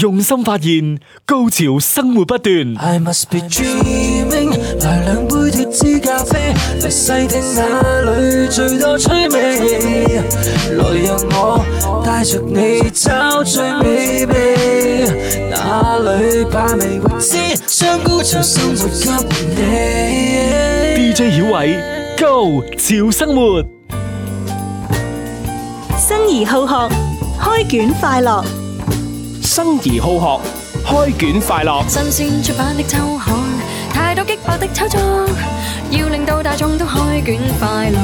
用心發現，高潮生活不斷。I must be dreaming，來兩杯脫脂咖啡，來細聽那裏最多趣味。來讓我帶着你找最美味，哪裏把味先將高潮生活給你。DJ 曉偉，高潮生活，生而好學，開卷快樂。生而好學，開卷快樂。新鮮出版的周刊，太多激爆的炒作，要令到大眾都開卷快樂。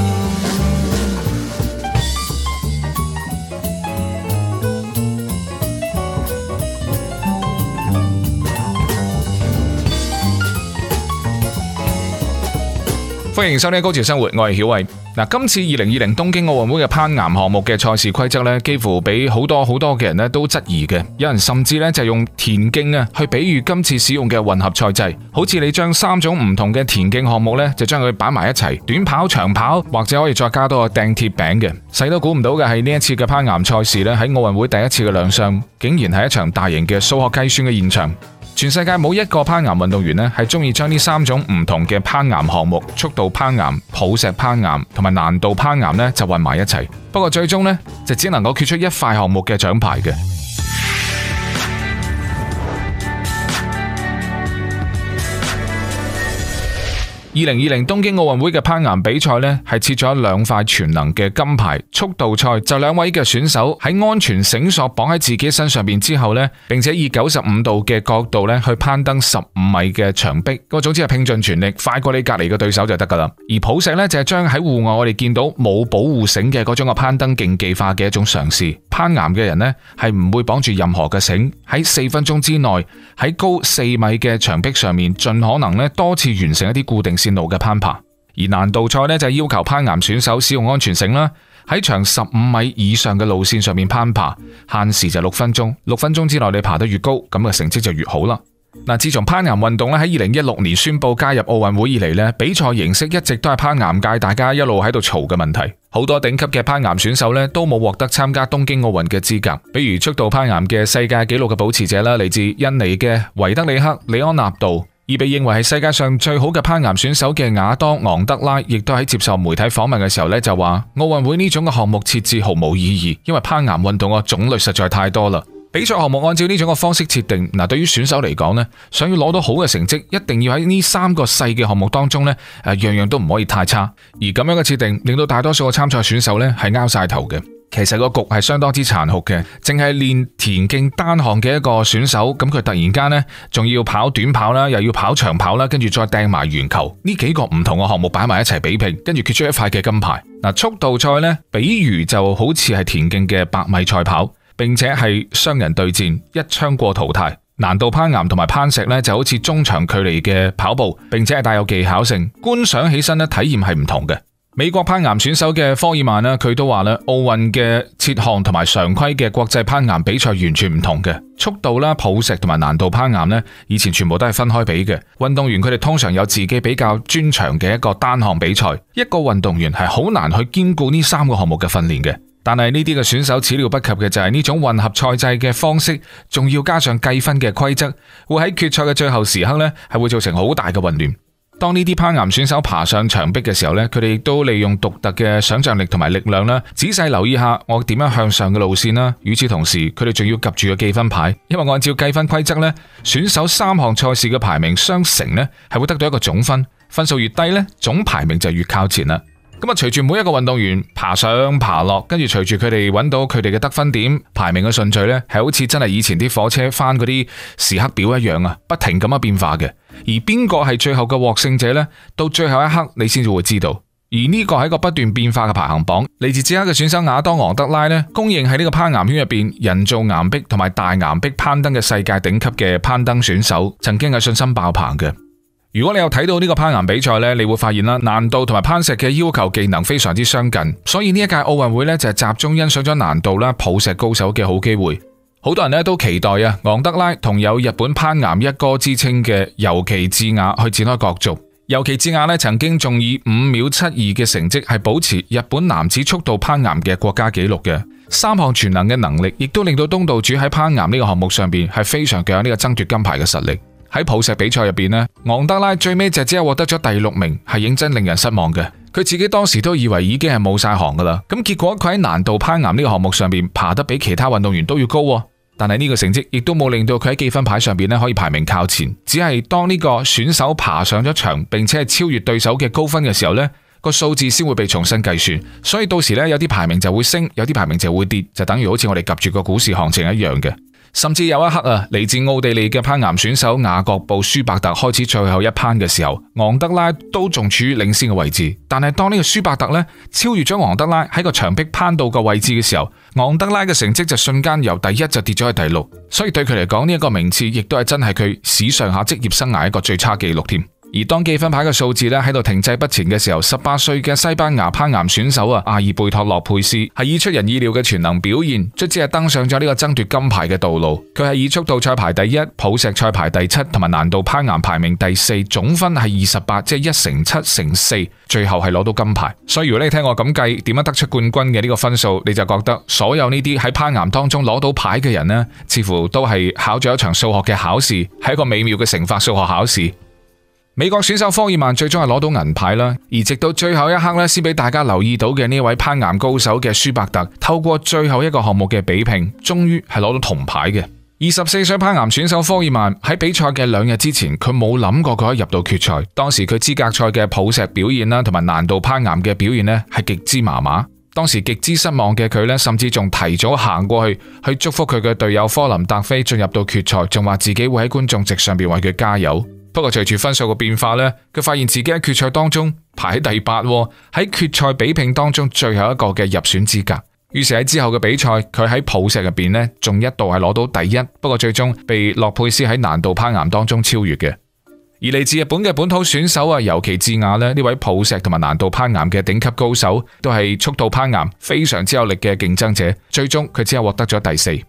歡迎收聽《高潮生活》，我係曉偉。嗱，今次二零二零東京奧運會嘅攀岩項目嘅賽事規則咧，幾乎俾好多好多嘅人咧都質疑嘅。有人甚至咧就用田徑啊去比喻今次使用嘅混合賽制，好似你將三種唔同嘅田徑項目咧就將佢擺埋一齊，短跑、長跑或者可以再加多個掟鐵餅嘅。誰都估唔到嘅係呢一次嘅攀岩賽事咧喺奧運會第一次嘅亮相，竟然係一場大型嘅數學計算嘅現場。全世界冇一個攀岩運動員呢係中意將呢將三種唔同嘅攀岩項目：速度攀岩、抱石攀岩同埋難度攀岩呢就混埋一齊。不過最終呢，就只能夠決出一塊項目嘅獎牌嘅。二零二零東京奧運會嘅攀岩比賽呢，係設咗兩塊全能嘅金牌。速度賽就兩位嘅選手喺安全繩索綁喺自己身上面之後呢，並且以九十五度嘅角度呢去攀登十五米嘅牆壁。嗰種，總之係拼盡全力，快過你隔籬嘅對手就得噶啦。而抱石呢，就係將喺戶外我哋見到冇保護繩嘅嗰種嘅攀登競技化嘅一種嘗試。攀岩嘅人呢，係唔會綁住任何嘅繩，喺四分鐘之內喺高四米嘅牆壁上面，盡可能呢多次完成一啲固定。路嘅攀爬。而難度賽咧就係要求攀岩選手使用安全繩啦，喺長十五米以上嘅路線上面攀爬，限時就六分鐘。六分鐘之內你爬得越高，咁嘅成績就越好啦。嗱，自從攀岩運動咧喺二零一六年宣布加入奧運會以嚟呢，比賽形式一直都係攀岩界大家一路喺度嘈嘅問題，好多頂級嘅攀岩選手呢都冇獲得參加東京奧運嘅資格，比如速度攀岩嘅世界紀錄嘅保持者啦，嚟自印尼嘅維德里克李安納度。而被認為係世界上最好嘅攀岩選手嘅亞當昂德拉，亦都喺接受媒體訪問嘅時候呢，就話奧運會呢種嘅項目設置毫無意義，因為攀岩運動個種類實在太多啦。比賽項目按照呢種嘅方式設定，嗱，對於選手嚟講呢，想要攞到好嘅成績，一定要喺呢三個細嘅項目當中呢，誒，樣樣都唔可以太差。而咁樣嘅設定，令到大多數嘅參賽選手呢係拗晒頭嘅。其實個局係相當之殘酷嘅，淨係練田徑單項嘅一個選手，咁佢突然間呢，仲要跑短跑啦，又要跑長跑啦，跟住再掟埋鉛球，呢幾個唔同嘅項目擺埋一齊比拼，跟住決出一塊嘅金牌。嗱，速度賽呢，比如就好似係田徑嘅百米賽跑，並且係雙人對戰，一槍過淘汰。難度攀岩同埋攀石呢，就好似中長距離嘅跑步，並且係帶有技巧性，觀賞起身呢，體驗係唔同嘅。美國攀巖選手嘅科爾曼呢，佢都話呢奧運嘅設項同埋常規嘅國際攀巖比賽完全唔同嘅，速度啦、抱石同埋難度攀巖呢，以前全部都係分開比嘅。運動員佢哋通常有自己比較專長嘅一個單項比賽，一個運動員係好難去兼顧呢三個項目嘅訓練嘅。但係呢啲嘅選手始料不及嘅就係呢種混合賽制嘅方式，仲要加上計分嘅規則，會喺決賽嘅最後時刻呢係會造成好大嘅混亂。當呢啲攀岩選手爬上牆壁嘅時候咧，佢哋亦都利用獨特嘅想象力同埋力量啦，仔細留意下我點樣向上嘅路線啦。與此同時，佢哋仲要及住個計分牌，因為按照計分規則咧，選手三項賽事嘅排名相乘咧，係會得到一個總分，分數越低咧，總排名就越靠前啦。咁啊，隨住每一個運動員爬上爬落，跟住隨住佢哋揾到佢哋嘅得分點，排名嘅順序呢係好似真係以前啲火車翻嗰啲時刻表一樣啊，不停咁樣變化嘅。而邊個係最後嘅獲勝者呢？到最後一刻你先至會知道。而呢個係一個不斷變化嘅排行榜，嚟自捷克嘅選手亞當昂德拉呢，公認喺呢個攀岩圈入邊人造岩壁同埋大岩壁攀登嘅世界頂級嘅攀登選手，曾經係信心爆棚嘅。如果你有睇到呢個攀岩比賽呢，你會發現啦，難度同埋攀石嘅要求技能非常之相近，所以呢一屆奧運會呢，就係集中欣賞咗難度啦、抱石高手嘅好機會。好多人呢，都期待啊，昂德拉同有日本攀岩一哥之稱嘅尤其智雅去展開角逐。尤其智雅呢，曾經仲以五秒七二嘅成績係保持日本男子速度攀岩嘅國家紀錄嘅，三項全能嘅能力亦都令到東道主喺攀岩呢個項目上邊係非常具有呢個爭奪金牌嘅實力。喺普石比賽入邊呢，昂德拉最尾就只有獲得咗第六名，係認真令人失望嘅。佢自己當時都以為已經係冇晒行噶啦，咁結果佢喺難度攀岩呢個項目上面爬得比其他運動員都要高，但係呢個成績亦都冇令到佢喺記分牌上邊咧可以排名靠前。只係當呢個選手爬上咗場，並且係超越對手嘅高分嘅時候，呢個數字先會被重新計算，所以到時呢，有啲排名就會升，有啲排名就會跌，就等於好似我哋夾住個股市行情一樣嘅。甚至有一刻啊，嚟自奧地利嘅攀岩選手雅各布舒伯特開始最後一攀嘅時候，昂德拉都仲處於領先嘅位置。但係當呢個舒伯特超越咗昂德拉喺個牆壁攀到個位置嘅時候，昂德拉嘅成績就瞬間由第一就跌咗去第六。所以對佢嚟講呢一個名次，亦都係真係佢史上下職業生涯的一個最差記錄添。而當記分牌嘅數字咧喺度停滯不前嘅時候，十八歲嘅西班牙攀岩選手阿爾貝托洛，洛佩斯係以出人意料嘅全能表現，直接係登上咗呢個爭奪金牌嘅道路。佢係以速度賽排第一、普石賽排第七、同埋難度攀岩排名第四，總分係二十八，即係一乘七乘四，最後係攞到金牌。所以如果你聽我咁計，點樣得出冠軍嘅呢個分數，你就覺得所有呢啲喺攀岩當中攞到牌嘅人呢，似乎都係考咗一場數學嘅考試，係一個美妙嘅乘法數學考試。美國選手科爾曼最終係攞到銀牌啦，而直到最後一刻，先俾大家留意到嘅呢位攀岩高手嘅舒伯特，透過最後一個項目嘅比拼，終於係攞到銅牌嘅。二十四歲攀岩選手科爾曼喺比賽嘅兩日之前，佢冇諗過佢可以入到決賽。當時佢資格賽嘅普石表現啦，同埋難度攀岩嘅表現呢，係極之麻麻。當時極之失望嘅佢咧，甚至仲提早行過去去祝福佢嘅隊友科林達菲進入到決賽，仲話自己會喺觀眾席上面為佢加油。不過隨住分數嘅變化呢，佢發現自己喺決賽當中排喺第八喎，喺決賽比拼當中最後一個嘅入選資格。於是喺之後嘅比賽，佢喺抱石入邊呢，仲一度係攞到第一，不過最終被洛佩斯喺難度攀岩當中超越嘅。而嚟自日本嘅本土選手啊，尤其智亞呢，呢位抱石同埋難度攀岩嘅頂級高手，都係速度攀岩非常之有力嘅競爭者，最終佢只係獲得咗第四。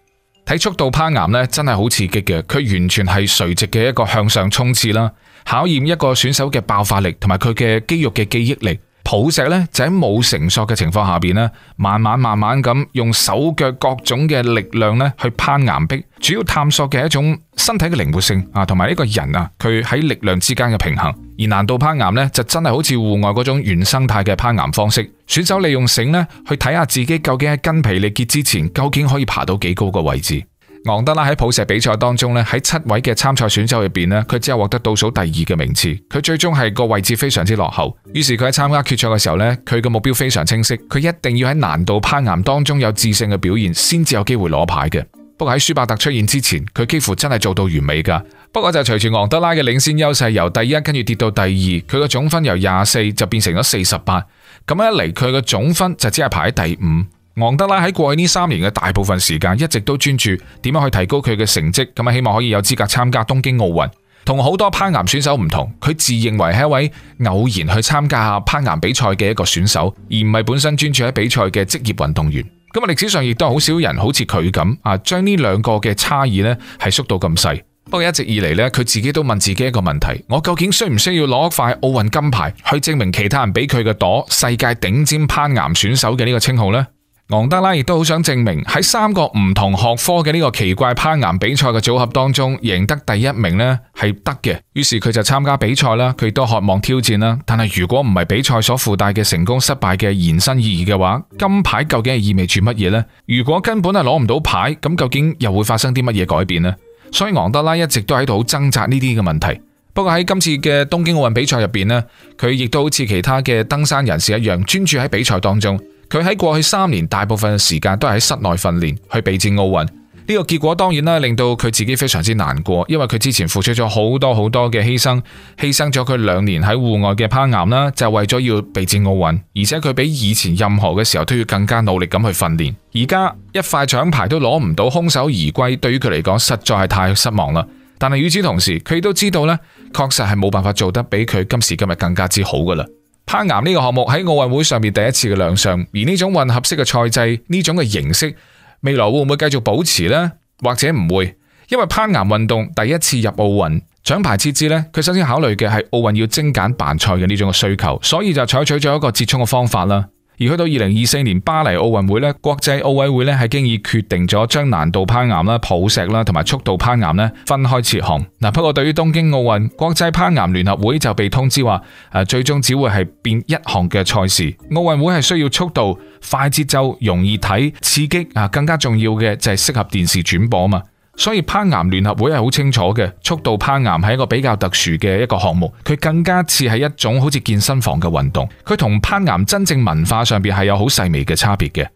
喺速度攀岩咧，真係好刺激嘅，佢完全係垂直嘅一個向上衝刺啦，考驗一個選手嘅爆發力同埋佢嘅肌肉嘅記憶力。抱石咧就喺冇繩索嘅情況下邊咧，慢慢慢慢咁用手腳各種嘅力量咧去攀岩壁，主要探索嘅係一種身體嘅靈活性啊，同埋呢個人啊佢喺力量之間嘅平衡。而難度攀岩咧就真係好似戶外嗰種原生態嘅攀岩方式，選手利用繩咧去睇下自己究竟喺筋疲力竭之前究竟可以爬到幾高個位置。昂德拉喺抱石比賽當中呢，喺七位嘅參賽選手入邊呢，佢只有獲得倒數第二嘅名次。佢最終係個位置非常之落後。於是佢喺參加決賽嘅時候呢，佢嘅目標非常清晰，佢一定要喺難度攀岩當中有自信嘅表現，先至有機會攞牌嘅。不過喺舒伯特出現之前，佢幾乎真係做到完美噶。不過就隨住昂德拉嘅領先優勢由第一跟住跌到第二，佢嘅總分由廿四就變成咗四十八，咁一嚟佢嘅總分就只係排喺第五。昂德拉喺過去呢三年嘅大部分時間，一直都專注點樣去提高佢嘅成績，咁啊，希望可以有資格參加東京奧運。同好多攀岩選手唔同，佢自認為係一位偶然去參加下攀岩比賽嘅一個選手，而唔係本身專注喺比賽嘅職業運動員。咁啊，歷史上亦都好少人好似佢咁啊，將呢兩個嘅差異呢係縮到咁細。不過一直以嚟呢，佢自己都問自己一個問題：我究竟需唔需要攞塊奧運金牌去證明其他人俾佢嘅朵世界頂尖攀岩選手嘅呢個稱號呢？昂德拉亦都好想證明喺三個唔同學科嘅呢個奇怪攀岩比賽嘅組合當中，贏得第一名呢係得嘅。於是佢就參加比賽啦，佢亦都渴望挑戰啦。但係如果唔係比賽所附帶嘅成功失敗嘅延伸意義嘅話，金牌究竟係意味住乜嘢呢？如果根本係攞唔到牌，咁究竟又會發生啲乜嘢改變呢？所以昂德拉一直都喺度掙扎呢啲嘅問題。不過喺今次嘅東京奧運比賽入邊呢，佢亦都好似其他嘅登山人士一樣，專注喺比賽當中。佢喺過去三年大部分嘅時間都係喺室內訓練去備戰奧運。呢個結果當然啦，令到佢自己非常之難過，因為佢之前付出咗好多好多嘅犧牲，犧牲咗佢兩年喺戶外嘅攀岩啦，就係，為咗要備戰奧運，而且佢比以前任何嘅時候都要更加努力咁去訓練。而家一塊獎牌都攞唔到，空手而歸，對於佢嚟講實在係太失望啦。但係與此同時，佢都知道呢確實係冇辦法做得比佢今時今日更加之好噶啦。攀岩呢個項目喺奧運會上面第一次嘅亮相，而呢種混合式嘅賽制，呢種嘅形式，未來會唔會繼續保持呢？或者唔會？因為攀岩運動第一次入奧運，獎牌設置呢，佢首先考慮嘅係奧運要精簡辦賽嘅呢種嘅需求，所以就採取咗一個折衷嘅方法啦。而去到二零二四年巴黎奧運會呢，國際奧委會呢係經已決定咗將難度攀岩啦、抱石啦同埋速度攀岩呢分開設項。嗱，不過對於東京奧運，國際攀岩聯合會就被通知話，誒最終只會係變一項嘅賽事。奧運會係需要速度、快節奏、容易睇、刺激啊，更加重要嘅就係適合電視轉播啊嘛。所以攀岩聯合會係好清楚嘅，速度攀岩係一個比較特殊嘅一個項目，佢更加似係一種好似健身房嘅運動，佢同攀岩真正文化上邊係有好細微嘅差別嘅。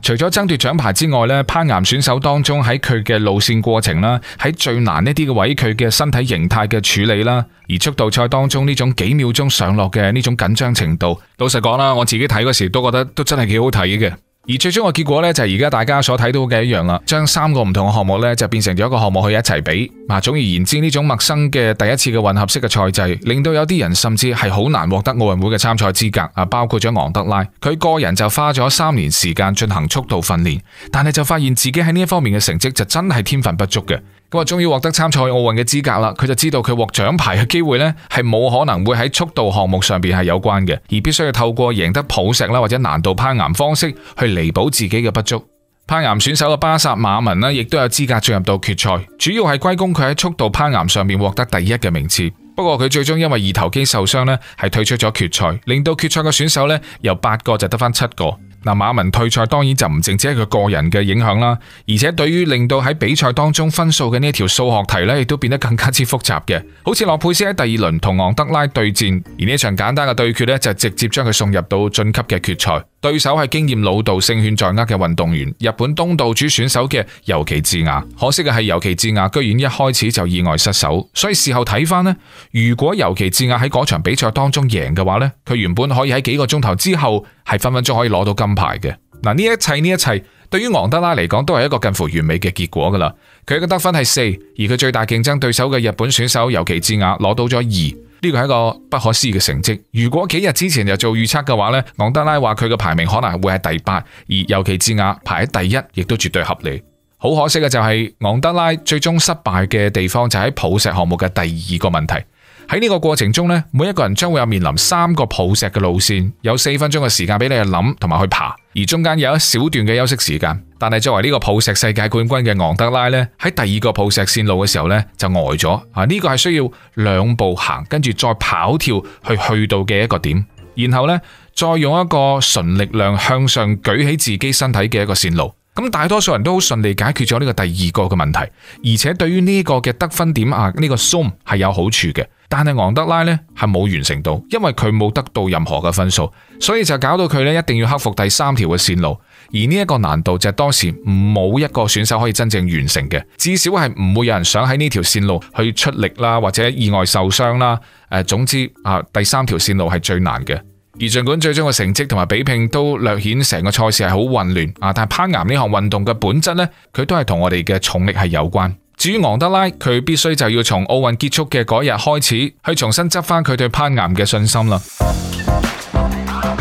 除咗爭奪獎牌之外咧，攀岩選手當中喺佢嘅路線過程啦，喺最難呢啲嘅位，佢嘅身體形態嘅處理啦，而速度賽當中呢種幾秒鐘上落嘅呢種緊張程度，老實講啦，我自己睇嗰時都覺得都真係幾好睇嘅。而最終嘅結果呢，就係而家大家所睇到嘅一樣啦，將三個唔同嘅項目呢，就變成咗一個項目去一齊比。嗱，總而言之呢種陌生嘅第一次嘅混合式嘅賽制，令到有啲人甚至係好難獲得奧運會嘅參賽資格。啊，包括咗昂德拉，佢個人就花咗三年時間進行速度訓練，但係就發現自己喺呢一方面嘅成績就真係天分不足嘅。咁啊，終於獲得參賽奧運嘅資格啦！佢就知道佢獲獎牌嘅機會呢係冇可能會喺速度項目上邊係有關嘅，而必須要透過贏得抱石啦或者難度攀岩方式去彌補自己嘅不足。攀岩選手嘅巴薩馬文呢亦都有資格進入到決賽，主要係歸功佢喺速度攀岩上面獲得第一嘅名次。不過佢最終因為二頭肌受傷呢係退出咗決賽，令到決賽嘅選手呢由八個就得返七個。嗱，馬文退賽當然就唔淨止係佢個人嘅影響啦，而且對於令到喺比賽當中分數嘅呢一條數學題咧，亦都變得更加之複雜嘅。好似洛佩斯喺第二輪同昂德拉對戰，而呢一場簡單嘅對決呢，就直接將佢送入到晉級嘅決賽。對手係經驗老道、勝券在握嘅運動員，日本東道主選手嘅尤其智雅。可惜嘅係尤其智雅居然一開始就意外失手，所以事後睇翻呢，如果尤其智雅喺嗰場比賽當中贏嘅話呢，佢原本可以喺幾個鐘頭之後。係分分鐘可以攞到金牌嘅。嗱，呢一切呢一切對於昂德拉嚟講都係一個近乎完美嘅結果噶啦，佢嘅得分係四，而佢最大競爭對手嘅日本選手尤其智雅攞到咗二，呢個係一個不可思議嘅成績。如果幾日之前就做預測嘅話呢，昂德拉話佢嘅排名可能係會喺第八，而尤其智雅排喺第一，亦都絕對合理。好可惜嘅就係、是、昂德拉最終失敗嘅地方就喺抱石項目嘅第二個問題。喺呢個過程中呢，每一個人將會有面臨三個抱石嘅路線，有四分鐘嘅時間俾你去諗同埋去爬，而中間有一小段嘅休息時間。但係作為呢個抱石世界冠軍嘅昂德拉呢，喺第二個抱石線路嘅時候呢，就呆咗啊！呢個係需要兩步行，跟住再跑跳去去到嘅一個點，然後呢，再用一個純力量向上舉起自己身體嘅一個線路。咁大多數人都好順利解決咗呢個第二個嘅問題，而且對於呢個嘅得分點啊，呢、這個 Zoom 係有好處嘅。但係昂德拉呢，係冇完成到，因為佢冇得到任何嘅分數，所以就搞到佢呢一定要克服第三條嘅線路。而呢一個難度就係當時冇一個選手可以真正完成嘅，至少係唔會有人想喺呢條線路去出力啦，或者意外受傷啦。誒、呃，總之啊、呃，第三條線路係最難嘅。而儘管最終嘅成績同埋比拼都略顯成個賽事係好混亂啊，但係攀岩呢項運動嘅本質呢，佢都係同我哋嘅重力係有關。至於昂德拉，佢必須就要從奧運結束嘅嗰日開始，去重新執翻佢對攀岩嘅信心啦。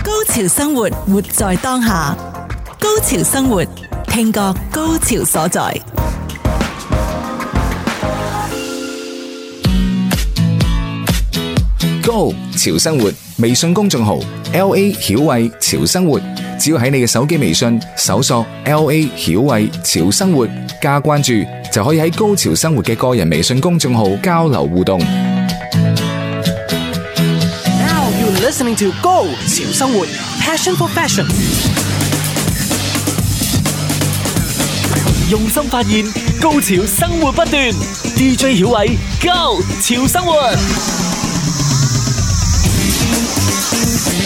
高潮生活，活在當下。高潮生活，聽過高潮所在。Go 潮生活微信公眾號，LA 曉偉潮生活，只要喺你嘅手機微信搜索 LA 曉偉潮生活加關注，就可以喺高潮生活嘅個人微信公眾號交流互動。Now you're listening to Go 潮生活 Passion for Fashion，用心發現，高潮生活不斷，DJ 曉偉 Go 潮生活。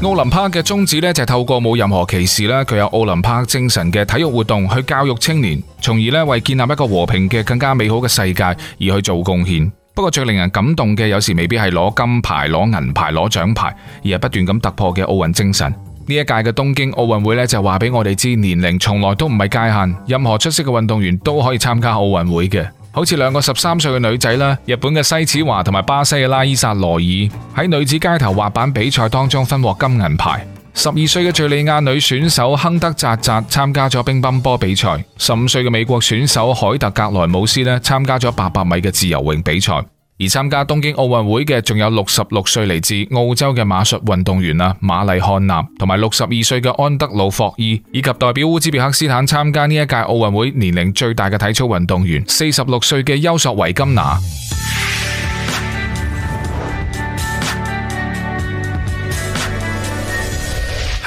奧林匹克嘅宗旨呢，就係透過冇任何歧視啦，具有奧林匹克精神嘅體育活動去教育青年，從而呢，為建立一個和平嘅更加美好嘅世界而去做貢獻。不過最令人感動嘅，有時未必係攞金牌、攞銀牌、攞獎牌，而係不斷咁突破嘅奧運精神。呢一屆嘅東京奧運會呢，就話俾我哋知，年齡從來都唔係界限，任何出色嘅運動員都可以參加奧運會嘅。好似兩個十三歲嘅女仔啦，日本嘅西子華同埋巴西嘅拉伊薩羅爾喺女子街頭滑板比賽當中分獲金銀牌。十二歲嘅敘利亞女選手亨德扎扎參加咗乒乓波比賽，十五歲嘅美國選手海特格萊姆斯呢參加咗八百米嘅自由泳比賽。而參加東京奧運會嘅仲有，六十六歲嚟自澳洲嘅馬術運動員啦，馬麗漢納，同埋六十二歲嘅安德魯霍伊，以及代表烏茲別克斯坦參加呢一屆奧運會年齡最大嘅體操運動員，四十六歲嘅丘索維金娜。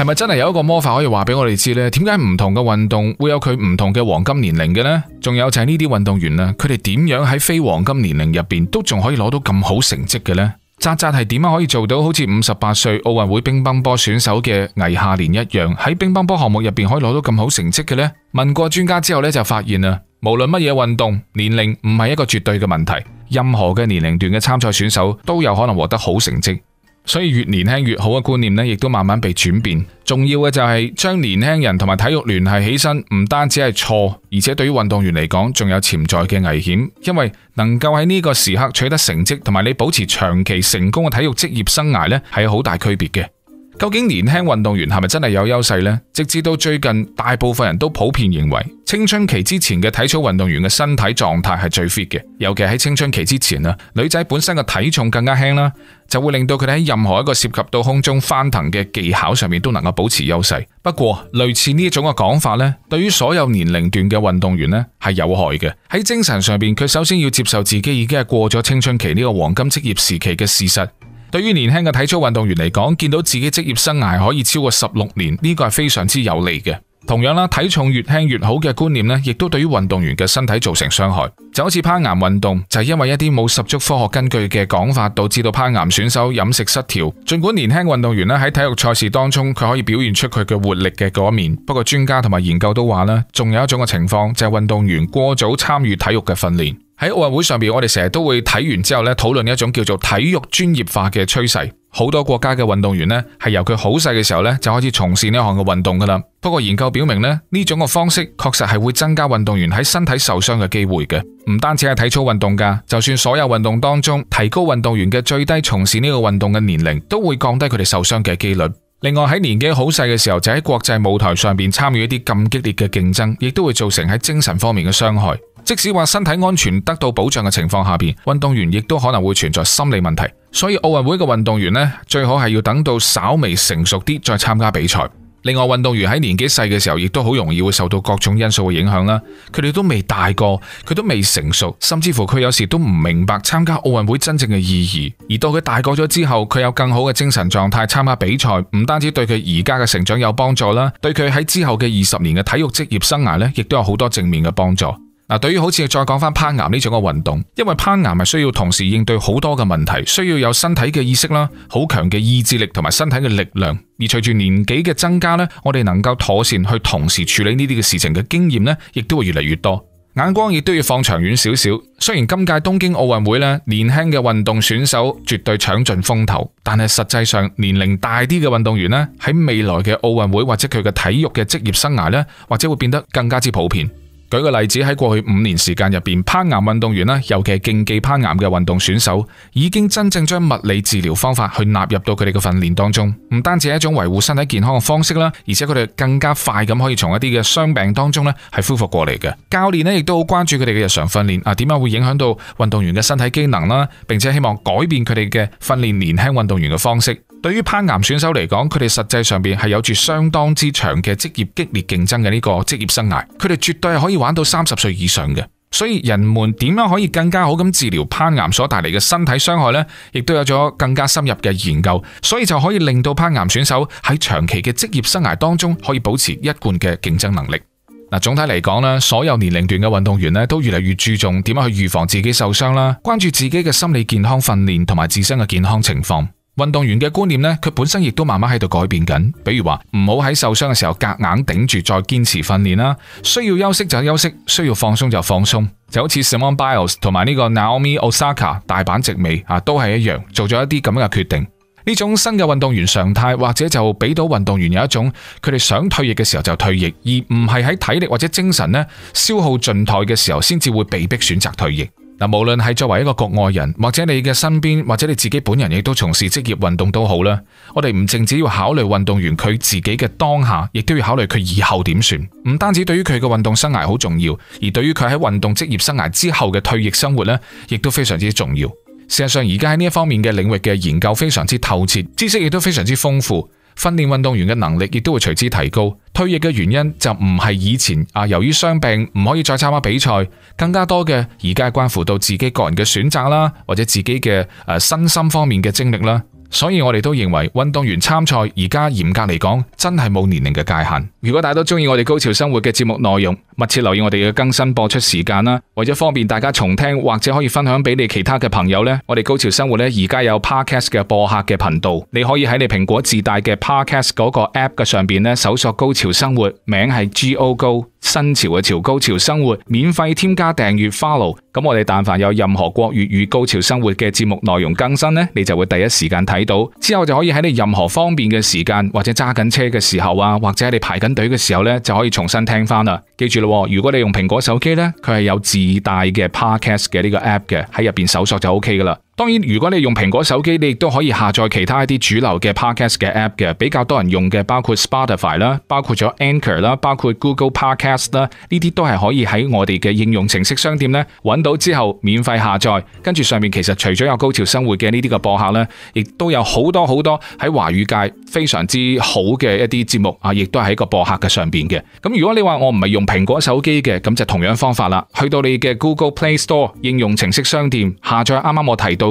係咪真係有一個魔法可以話俾我哋知咧？點解唔同嘅運動會有佢唔同嘅黃金年齡嘅咧？仲有就係呢啲運動員啊，佢哋點樣喺非黃金年齡入邊都仲可以攞到咁好成績嘅咧？扎扎係點樣可以做到好似五十八歲奧運會乒乓波選手嘅倪夏蓮一樣，喺乒乓波項目入邊可以攞到咁好成績嘅咧？問過專家之後咧，就發現啊，無論乜嘢運動，年齡唔係一個絕對嘅問題，任何嘅年齡段嘅參賽選手都有可能獲得好成績。所以越年輕越好嘅觀念呢，亦都慢慢被轉變。重要嘅就係將年輕人同埋體育聯繫起身，唔單止係錯，而且對於運動員嚟講，仲有潛在嘅危險。因為能夠喺呢個時刻取得成績，同埋你保持長期成功嘅體育職業生涯呢，係有好大區別嘅。究竟年輕運動員係咪真係有優勢呢？直至到最近，大部分人都普遍認為青春期之前嘅體操運動員嘅身體狀態係最 fit 嘅，尤其喺青春期之前啦，女仔本身嘅體重更加輕啦，就會令到佢哋喺任何一個涉及到空中翻騰嘅技巧上面都能夠保持優勢。不過，類似呢種嘅講法呢，對於所有年齡段嘅運動員呢，係有害嘅。喺精神上邊，佢首先要接受自己已經係過咗青春期呢個黃金職業時期嘅事實。對於年輕嘅體操運動員嚟講，見到自己職業生涯可以超過十六年，呢個係非常之有利嘅。同樣啦，體重越輕越好嘅觀念呢，亦都對於運動員嘅身體造成傷害。就好似攀岩運動，就係因為一啲冇十足科學根據嘅講法，導致到攀岩選手飲食失調。盡管年輕嘅運動員咧喺體育賽事當中，佢可以表現出佢嘅活力嘅嗰一面，不過專家同埋研究都話啦，仲有一種嘅情況就係運動員過早參與體育嘅訓練。喺奧運會上邊，我哋成日都會睇完之後咧，討論一種叫做體育專業化嘅趨勢。好多國家嘅運動員呢，係由佢好細嘅時候咧就開始從事呢項嘅運動㗎喇。不過研究表明咧，呢種嘅方式確實係會增加運動員喺身體受傷嘅機會嘅。唔單止係體操運動㗎，就算所有運動當中，提高運動員嘅最低從事呢個運動嘅年齡，都會降低佢哋受傷嘅幾率。另外，喺年紀好細嘅時候就喺國際舞台上面參與一啲咁激烈嘅競爭，亦都會造成喺精神方面嘅傷害。即使話身體安全得到保障嘅情況下邊，運動員亦都可能會存在心理問題。所以奧運會嘅運動員呢，最好係要等到稍微成熟啲再參加比賽。另外，運動員喺年紀細嘅時候，亦都好容易會受到各種因素嘅影響啦。佢哋都未大個，佢都未成熟，甚至乎佢有時都唔明白參加奧運會真正嘅意義。而到佢大個咗之後，佢有更好嘅精神狀態參加比賽，唔單止對佢而家嘅成長有幫助啦，對佢喺之後嘅二十年嘅體育職業生涯呢，亦都有好多正面嘅幫助。嗱，對於好似再講翻攀岩呢種嘅運動，因為攀岩係需要同時應對好多嘅問題，需要有身體嘅意識啦，好強嘅意志力同埋身體嘅力量。而隨住年紀嘅增加呢，我哋能夠妥善去同時處理呢啲嘅事情嘅經驗呢，亦都會越嚟越多。眼光亦都要放長遠少少。雖然今屆東京奧運會呢，年輕嘅運動選手絕對搶盡風頭，但係實際上年齡大啲嘅運動員呢，喺未來嘅奧運會或者佢嘅體育嘅職業生涯呢，或者會變得更加之普遍。舉個例子，喺過去五年時間入邊，攀岩運動員啦，尤其係競技攀岩嘅運動選手，已經真正將物理治療方法去納入到佢哋嘅訓練當中。唔單止係一種維護身體健康嘅方式啦，而且佢哋更加快咁可以從一啲嘅傷病當中咧係恢復過嚟嘅。教練呢，亦都好關注佢哋嘅日常訓練啊，點解會影響到運動員嘅身體機能啦，並且希望改變佢哋嘅訓練年輕運動員嘅方式。對於攀岩選手嚟講，佢哋實際上邊係有住相當之長嘅職業激烈競爭嘅呢個職業生涯，佢哋絕對係可以玩到三十歲以上嘅。所以，人們點樣可以更加好咁治療攀岩所帶嚟嘅身體傷害呢？亦都有咗更加深入嘅研究，所以就可以令到攀岩選手喺長期嘅職業生涯當中可以保持一貫嘅競爭能力。嗱，總體嚟講咧，所有年齡段嘅運動員呢，都越嚟越注重點樣去預防自己受傷啦，關注自己嘅心理健康訓練同埋自身嘅健康情況。運動員嘅觀念呢，佢本身亦都慢慢喺度改變緊。比如話唔好喺受傷嘅時候夾硬頂住再堅持訓練啦，需要休息就休息，需要放鬆就放鬆。就好似 Simone Biles 同埋呢個 Naomi Osaka 大阪直美啊，都係一樣做咗一啲咁嘅決定。呢種新嘅運動員常態，或者就俾到運動員有一種佢哋想退役嘅時候就退役，而唔係喺體力或者精神呢消耗盡殆嘅時候，先至會被迫選擇退役。嗱，無論係作為一個國外人，或者你嘅身邊，或者你自己本人亦都從事職業運動都好啦。我哋唔淨止要考慮運動員佢自己嘅當下，亦都要考慮佢以後點算。唔單止對於佢嘅運動生涯好重要，而對於佢喺運動職業生涯之後嘅退役生活呢，亦都非常之重要。事實上，而家喺呢一方面嘅領域嘅研究非常之透徹，知識亦都非常之豐富。訓練運動員嘅能力亦都會隨之提高。退役嘅原因就唔係以前啊，由於傷病唔可以再參加比賽，更加多嘅而家係關乎到自己個人嘅選擇啦，或者自己嘅誒、啊、身心方面嘅精力啦。所以我哋都認為運動員參賽而家嚴格嚟講真係冇年齡嘅界限。如果大家都鍾意我哋《高潮生活》嘅節目內容。密切留意我哋嘅更新播出時間啦，為咗方便大家重聽或者可以分享俾你其他嘅朋友呢，我哋高潮生活呢而家有 podcast 嘅播客嘅頻道，你可以喺你蘋果自帶嘅 podcast 嗰個 app 嘅上邊呢，搜索高潮生活，名係 G O 高新潮嘅潮高潮生活，免費添加訂閱 follow，咁我哋但凡，凡有任何國粵語高潮生活嘅節目內容更新呢，你就會第一時間睇到，之後就可以喺你任何方便嘅時間或者揸緊車嘅時候啊，或者喺你排緊隊嘅時候呢，就可以重新聽返啦，記住。如果你用蘋果手機咧，佢係有自帶嘅 Podcast 嘅呢個 App 嘅，喺入邊搜索就 OK 噶啦。當然，如果你用蘋果手機，你亦都可以下載其他一啲主流嘅 podcast 嘅 app 嘅，比較多人用嘅，包括 Spotify 啦，包括咗 Anchor 啦，包括 Google Podcast 啦，呢啲都係可以喺我哋嘅應用程式商店咧搵到之後免費下載。跟住上面其實除咗有高潮生活嘅呢啲嘅播客咧，亦都有好多好多喺華語界非常之好嘅一啲節目啊，亦都係喺個播客嘅上面嘅。咁如果你話我唔係用蘋果手機嘅，咁就同樣方法啦，去到你嘅 Google Play Store 應用程式商店下載啱啱我提到。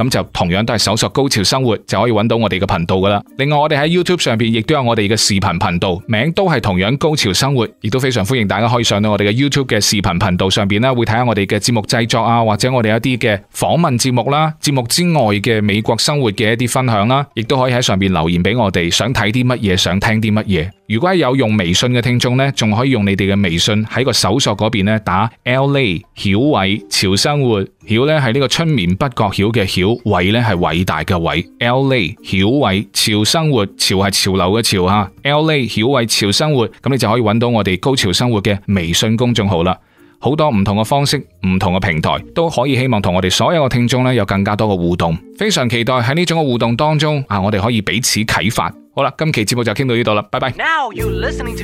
咁就同樣都係搜索高潮生活就可以揾到我哋嘅頻道噶啦。另外我哋喺 YouTube 上邊亦都有我哋嘅視頻頻道，名都係同樣高潮生活，亦都非常歡迎大家可以上到我哋嘅 YouTube 嘅視頻頻道上邊啦，會睇下我哋嘅節目製作啊，或者我哋一啲嘅訪問節目啦，節目之外嘅美國生活嘅一啲分享啦，亦都可以喺上邊留言俾我哋，想睇啲乜嘢，想聽啲乜嘢。如果有用微信嘅聽眾呢，仲可以用你哋嘅微信喺個搜索嗰邊打 Lay 曉偉潮生活，曉呢係呢個春眠不覺曉嘅曉。偉咧係偉大嘅偉，L A 曉偉潮生活潮係潮流嘅潮吓，L A 曉偉潮生活，咁你就可以揾到我哋高潮生活嘅微信公眾號啦。好多唔同嘅方式、唔同嘅平台都可以，希望同我哋所有嘅聽眾呢有更加多嘅互動。非常期待喺呢種嘅互動當中啊，我哋可以彼此啟發。好啦，今期節目就傾到呢度啦，拜拜。Now you listening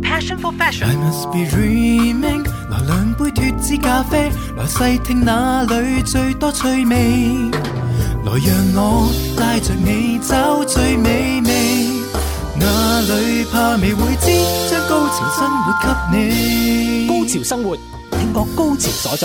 passion for fashion，I must be dreaming，you to go for 潮生活嚟兩杯脫脂咖啡，嚟細聽，哪裏最多趣味？趣味，來，讓我帶着你走最美味，哪裏怕未會知。高潮生活，聽覺高潮所在。